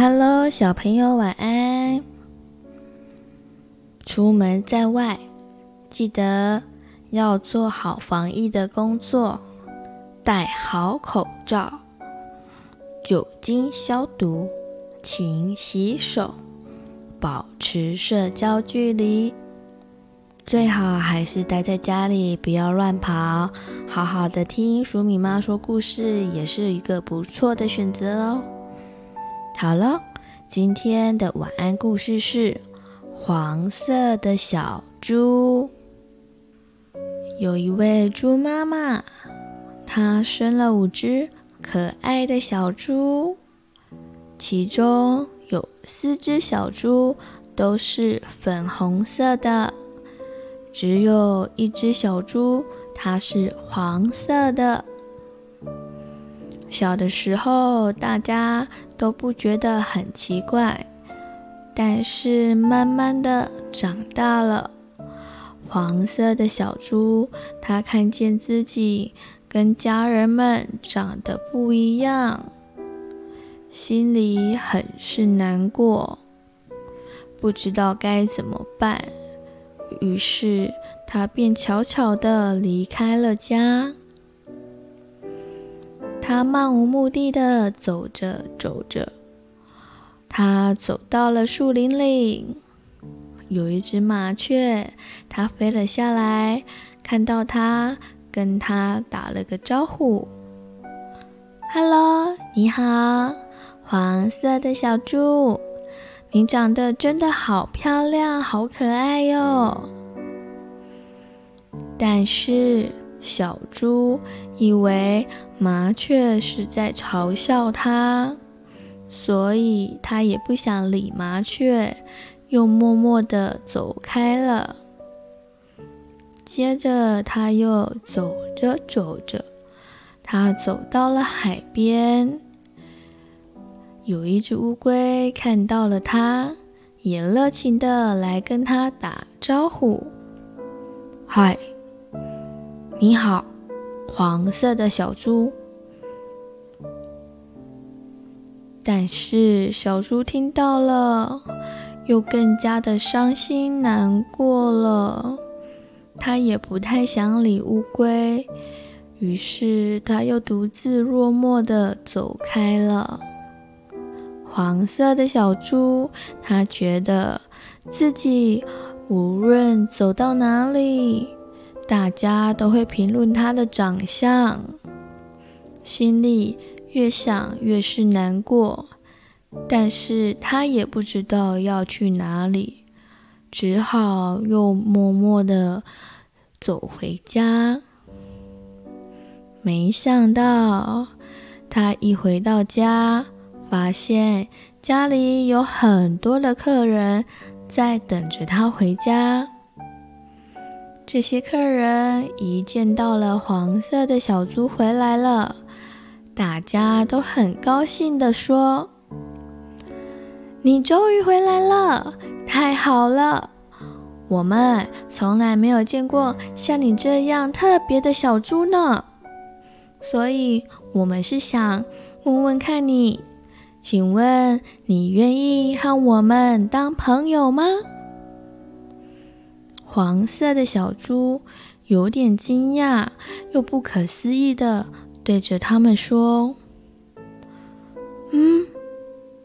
Hello，小朋友晚安。出門在外，記得要做好防疫的工作，戴好口罩，酒精消毒，勤洗手，保持社交距離。最好還是待在家裡，不要亂跑。好好的聽黍米媽說故事，也是一個不錯的選擇哦。好了，今天的晚安故事是黃色的小豬。有一位豬媽媽，她生了五隻可愛的小豬，其中有四隻小豬都是粉紅色的，只有一隻小豬它是黃色的。小的時候，大家，都不覺得很奇怪，但是慢慢的長大了，黃色的小豬它看見自己跟家人們長得不一樣，心裡很是難過，不知道該怎麼辦，於是它便悄悄的離開了家。他漫無目的的走着走着，他走到了樹林裡，有一只麻雀，它飛了下來，看到它，跟他打了個招呼：“Hello，你好，黃色的小豬，你長得真的好漂亮，好可愛喲。”但是。小豬以為麻雀是在嘲笑它，所以它也不想理麻雀，又默默地走開了。接着，它又走着走着，它走到了海邊。有一隻烏龜看到了它，也熱情地來跟它打招呼：“嗨！”你好，黃色的小豬。但是小豬聽到了，又更加的傷心難過了。它也不太想理烏龜，於是它又獨自落寞地走開了。黃色的小豬，它覺得自己無論走到哪裡。大家都會評論他的長相，心裡越想越是難過，但是他也不知道要去哪裡，只好又默默地走回家。沒想到，他一回到家，發現家裡有很多的客人在等着他回家。這些客人一見到了黃色的小豬回來了，大家都很高興地說：“你終於回來了，太好了！我們從來沒有見過像你這樣特別的小豬呢。所以，我們是想問問看你，請問你願意和我們當朋友嗎？”黃色的小豬有點驚訝又不可思議地對着他們說：“嗯，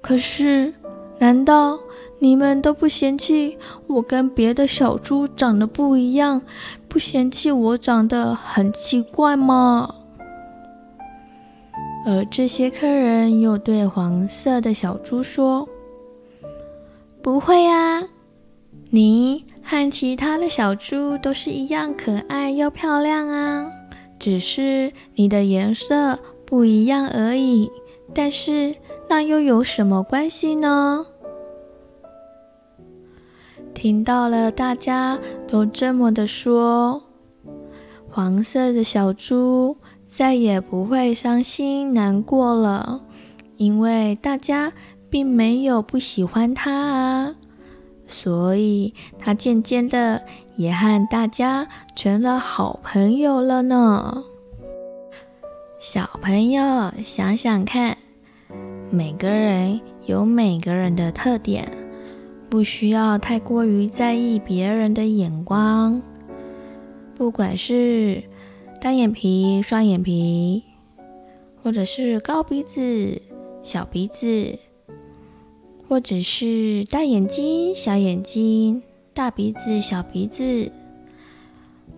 可是，難道你們都不嫌棄我跟別的小豬長得不一樣，不嫌棄我長得很奇怪嗎？”而這些客人又對黃色的小豬說：“不會啊，你。”和其他的小豬都是一樣可愛又漂亮啊，只是你的顏色不一樣而已。但是那又有什麼關係呢？聽到了大家都這麼的說，黃色的小豬再也不會傷心難過了，因為大家並沒有不喜歡它啊。所以，他漸漸的也和大家成了好朋友了呢。小朋友，想想看，每個人有每個人的特點，不需要太過於在意別人的眼光，不管是單眼皮、雙眼皮，或者是高鼻子、小鼻子。或者是大眼睛、小眼睛，大鼻子、小鼻子，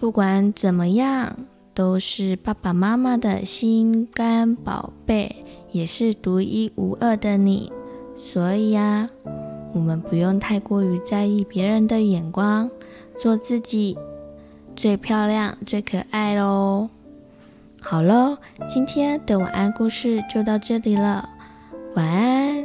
不管怎麼樣，都是爸爸媽媽的心肝寶貝，也是獨一無二的你。所以呀，我們不用太過於在意別人的眼光，做自己最漂亮、最可愛嘍。好嘍，今天的晚安故事就到這裡了，晚安。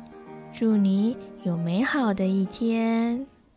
祝你有美好的一天。